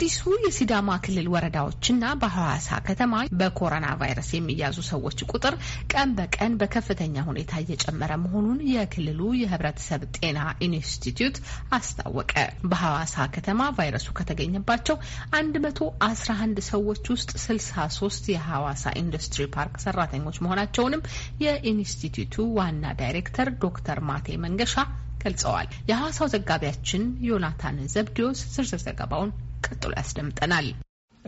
በአዲሱ የሲዳማ ክልል ወረዳዎችና በሐዋሳ ከተማ በኮሮና ቫይረስ የሚያዙ ሰዎች ቁጥር ቀን በቀን በከፍተኛ ሁኔታ እየጨመረ መሆኑን የክልሉ የሕብረተሰብ ጤና ኢንስቲትዩት አስታወቀ። በሐዋሳ ከተማ ቫይረሱ ከተገኘባቸው 111 ሰዎች ውስጥ 63 የሐዋሳ ኢንዱስትሪ ፓርክ ሰራተኞች መሆናቸውንም የኢንስቲትዩቱ ዋና ዳይሬክተር ዶክተር ማቴ መንገሻ ገልጸዋል። የሐዋሳው ዘጋቢያችን ዮናታን ዘብዲዮስ ዝርዝር ዘገባውን ቀጥሎ ያስደምጠናል።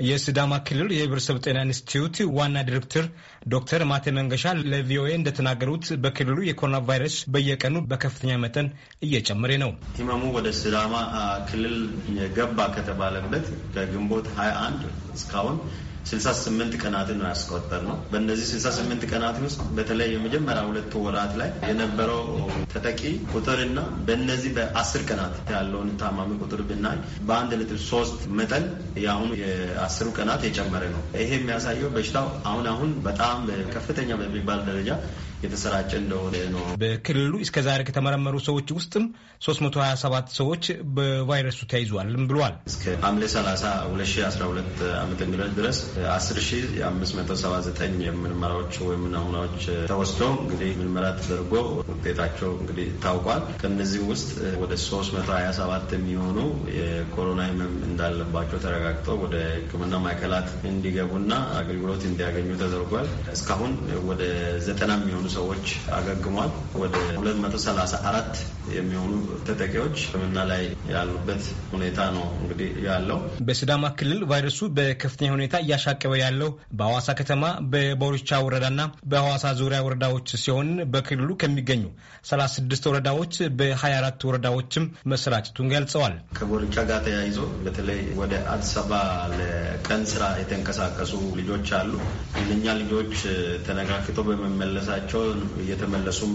የሲዳማ ክልል የህብረተሰብ ጤና ኢንስቲትዩት ዋና ዲሬክተር ዶክተር ማቴ መንገሻ ለቪኦኤ እንደተናገሩት በክልሉ የኮሮና ቫይረስ በየቀኑ በከፍተኛ መጠን እየጨመረ ነው። ህመሙ ወደ ሲዳማ ክልል የገባ ከተባለበት ከግንቦት 21 እስካሁን 68 ቀናትን ነው ያስቆጠር ነው። በእነዚህ 68 ቀናትን ውስጥ በተለይ የመጀመሪያ ሁለቱ ወራት ላይ የነበረው ተጠቂ ቁጥርና በእነዚህ በ10 ቀናት ያለውን ታማሚ ቁጥር ብናይ በአንድ ነጥብ ሶስት መጠን የአሁኑ የአስሩ ቀናት የጨመረ ነው። ይሄ የሚያሳየው በሽታው አሁን አሁን በጣም ከፍተኛ በሚባል ደረጃ የተሰራጨ እንደሆነ ነው። በክልሉ እስከዛሬ ከተመረመሩ ሰዎች ውስጥም 327 ሰዎች በቫይረሱ ተይዟልም ብሏል። እስከ ሐምሌ 30 2012 ዓ ም ድረስ 10579 ሺ የምርመራዎች ወይም ናሙናዎች ተወስዶ እንግዲህ ምርመራ ተደርጎ ውጤታቸው እንግዲህ ታውቋል። ከነዚህ ውስጥ ወደ 327 የሚሆኑ የኮሮና ህመም እንዳለባቸው ተረጋግጦ ወደ ሕክምና ማዕከላት እንዲገቡና አገልግሎት እንዲያገኙ ተደርጓል። እስካሁን ወደ ዘጠና የሚሆኑ ሰዎች አገግሟል። ወደ 234 አራት የሚሆኑ ተጠቂዎች ሕክምና ላይ ያሉበት ሁኔታ ነው እንግዲህ ያለው በስዳማ ክልል ቫይረሱ በከፍተኛ ሁኔታ እያሻቀበ ያለው በሐዋሳ ከተማ በቦሪቻ ወረዳና በሐዋሳ ዙሪያ ወረዳዎች ሲሆን በክልሉ ከሚገኙ 36 ወረዳዎች በ24 ወረዳዎችም መሰራጨቱን ገልጸዋል። ከቦሪቻ ጋር ተያይዞ በተለይ ወደ አዲስ አበባ ለቀን ስራ የተንቀሳቀሱ ልጆች አሉ። እነኛ ልጆች ተነካክተው በመመለሳቸው እየተመለሱም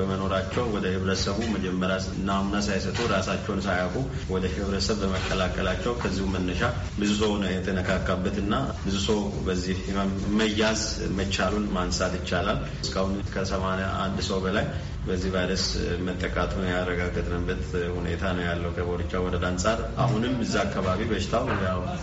በመኖራቸው ወደ ህብረተሰቡ መጀመሪያ ናሙና ሳይሰጡ ራሳቸውን ሳያውቁ ወደ ህብረተሰብ በመቀላቀላቸው ከዚሁ መነሻ ብዙ ሰው ነው የተነካካበትና ብዙ ሰው በዚህ ህመም መያዝ መቻሉን ማንሳት ይቻላል። እስካሁን ከሰማንያ አንድ ሰው በላይ በዚህ ቫይረስ መጠቃቱን ያረጋገጥንበት ሁኔታ ነው ያለው። ከቦሪቻ ወረዳ አንጻር አሁንም እዛ አካባቢ በሽታው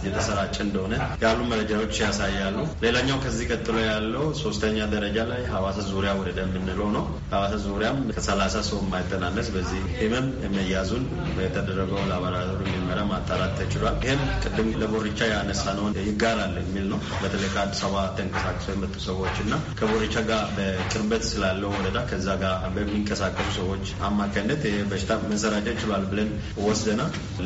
የተሰራጨ እንደሆነ ያሉ መረጃዎች ያሳያሉ። ሌላኛው ከዚህ ቀጥሎ ያለው ሶስተኛ ደረጃ ላይ ሀዋሳ ዙሪያ ወረዳ የምንለው ነው። ሀዋሳ ዙሪያም ከሰላሳ ሰው የማይተናነስ በዚህ ህመም መያዙን የተደረገው ላቦራቶሪ ምርመራ ማጣራት ተችሏል። ይህም ቅድም ለቦሪቻ ያነሳ ነውን ይጋራል የሚል ነው። በተለይ ከአዲስ አበባ ተንቀሳቅሶ የመጡ ሰዎች እና ከቦሪቻ ጋር በቅርበት ስላለው ወረዳ ከዛ ጋር በሚንቀሳቀሱ ሰዎች አማካኝነት በሽታ መሰራጫ ይችሏል ብለን ወስደና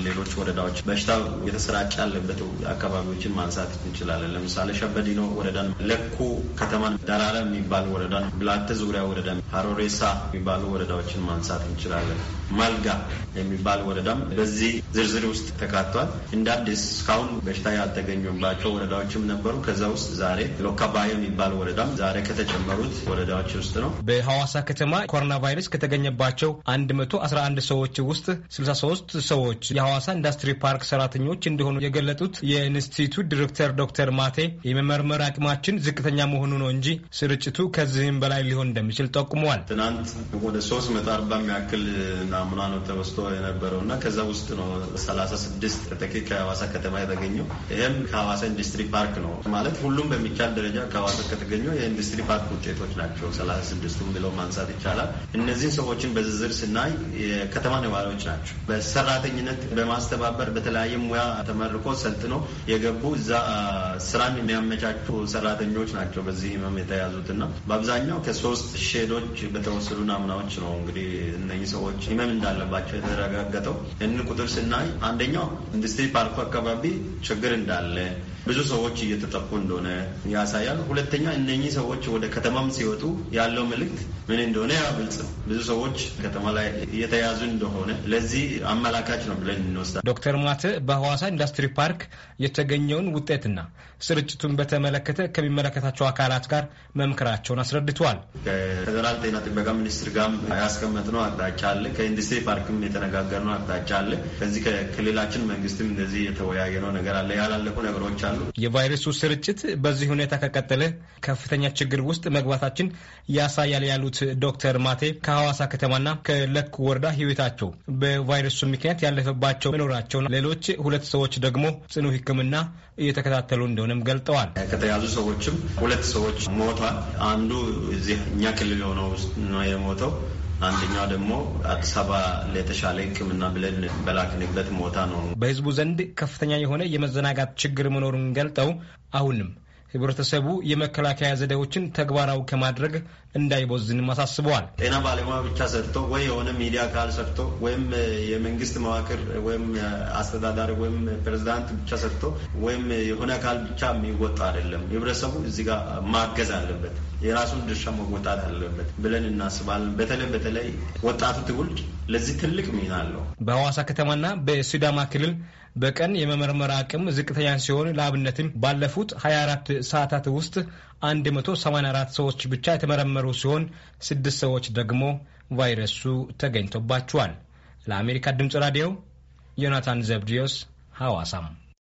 ሌሎች ወረዳዎች በሽታ የተሰራጨ ያለበት አካባቢዎችን ማንሳት እንችላለን። ለምሳሌ ሸበዲኖ ወረዳን፣ ለኩ ከተማን፣ ደራራ የሚባል ወረዳን፣ ብላተ ዙሪያ ወረዳን፣ ሀሮሬሳ የሚባሉ ወረዳዎችን ማንሳት እንችላለን። ማልጋ የሚባል ወረዳም በዚህ ዝርዝር ውስጥ ተካቷል። እንደ አዲስ እስካሁን በሽታ ያልተገኙባቸው ወረዳዎችም ነበሩ። ከዛ ውስጥ ዛሬ ሎካባዮ የሚባል ወረዳም ዛሬ ከተጨመሩት ወረዳዎች ውስጥ ነው። በሐዋሳ ከተማ ኮሮና የኮሮና ቫይረስ ከተገኘባቸው 111 ሰዎች ውስጥ 63 ሰዎች የሐዋሳ ኢንዱስትሪ ፓርክ ሰራተኞች እንደሆኑ የገለጡት የኢንስቲቱት ዲሬክተር ዶክተር ማቴ የመመርመር አቅማችን ዝቅተኛ መሆኑ ነው እንጂ ስርጭቱ ከዚህም በላይ ሊሆን እንደሚችል ጠቁመዋል። ትናንት ወደ 340 የሚያክል ናሙና ነው ተወስዶ የነበረው እና ከዛ ውስጥ ነው 36 ተጠቂ ከሐዋሳ ከተማ የተገኘው። ይህም ከሐዋሳ ኢንዱስትሪ ፓርክ ነው ማለት ሁሉም በሚቻል ደረጃ ከሐዋሳ ከተገኘው የኢንዱስትሪ ፓርክ ውጤቶች ናቸው 36ቱ ብለው ማንሳት ይቻላል። እነዚህን ሰዎችን በዝርዝር ስናይ የከተማ ነዋሪዎች ናቸው። በሰራተኝነት በማስተባበር በተለያየ ሙያ ተመርቆ ሰልጥኖ የገቡ እዛ ስራን የሚያመቻቹ ሰራተኞች ናቸው። በዚህ ህመም የተያዙትና በአብዛኛው ከሶስት ሼዶች በተወሰዱ ናሙናዎች ነው እንግዲህ እነኚህ ሰዎች ህመም እንዳለባቸው የተረጋገጠው። እን ቁጥር ስናይ አንደኛው ኢንዱስትሪ ፓርኩ አካባቢ ችግር እንዳለ ብዙ ሰዎች እየተጠቁ እንደሆነ ያሳያል። ሁለተኛ እነኚህ ሰዎች ወደ ከተማም ሲወጡ ያለው መልእክት ምን እንደሆነ ያብል የሚገልጽ ነው። ብዙ ሰዎች ከተማ ላይ እየተያዙ እንደሆነ ለዚህ አመላካች ነው ብለን እንወስዳል። ዶክተር ሙላተ በሐዋሳ ኢንዱስትሪ ፓርክ የተገኘውን ውጤትና ስርጭቱን በተመለከተ ከሚመለከታቸው አካላት ጋር መምከራቸውን አስረድተዋል። ከፌደራል ጤና ጥበቃ ሚኒስትር ጋር ያስቀመጥነው አቅጣጫ አለ። ከኢንዱስትሪ ፓርክም የተነጋገርነው አቅጣጫ አለ። ከዚህ ከክልላችን መንግስትም እንደዚህ የተወያየነው ነገር አለ። ያላለቁ ነገሮች አሉ። የቫይረሱ ስርጭት በዚህ ሁኔታ ከቀጠለ ከፍተኛ ችግር ውስጥ መግባታችን ያሳያል ያሉት ዶክተር ማቴ ከሐዋሳ ከተማና ከለክ ወረዳ ህይወታቸው በቫይረሱ ምክንያት ያለፈባቸው መኖራቸውና ሌሎች ሁለት ሰዎች ደግሞ ጽኑ ህክምና እየተከታተሉ እንደሆነም ገልጠዋል። ከተያዙ ሰዎችም ሁለት ሰዎች ሞቷል። አንዱ እዚህ እኛ ክልል የሆነ ውስጥ ነው የሞተው። አንደኛው ደግሞ አዲስ አበባ ለተሻለ ህክምና ብለን በላክንበት ሞታ ነው። በህዝቡ ዘንድ ከፍተኛ የሆነ የመዘናጋት ችግር መኖሩን ገልጠው አሁንም ህብረተሰቡ የመከላከያ ዘዴዎችን ተግባራዊ ከማድረግ እንዳይቦዝንም አሳስበዋል። ጤና ባለሙያ ብቻ ሰጥቶ ወይ የሆነ ሚዲያ አካል ሰጥቶ ወይም የመንግስት መዋቅር ወይም አስተዳዳሪ ወይም ፕሬዚዳንት ብቻ ሰጥቶ ወይም የሆነ አካል ብቻ የሚወጣ አይደለም። ህብረተሰቡ እዚህ ጋር ማገዝ አለበት፣ የራሱን ድርሻ መወጣት አለበት ብለን እናስባለን። በተለይ በተለይ ወጣቱ ትውልድ ለዚህ ትልቅ ሚና አለው። በሐዋሳ ከተማና በሲዳማ ክልል በቀን የመመርመር አቅም ዝቅተኛ ሲሆን ለአብነትም ባለፉት 24 ሰዓታት ውስጥ 184 ሰዎች ብቻ የተመረመሩ ሲሆን ስድስት ሰዎች ደግሞ ቫይረሱ ተገኝቶባቸዋል። ለአሜሪካ ድምፅ ራዲዮ ዮናታን ዘብድዮስ ሐዋሳም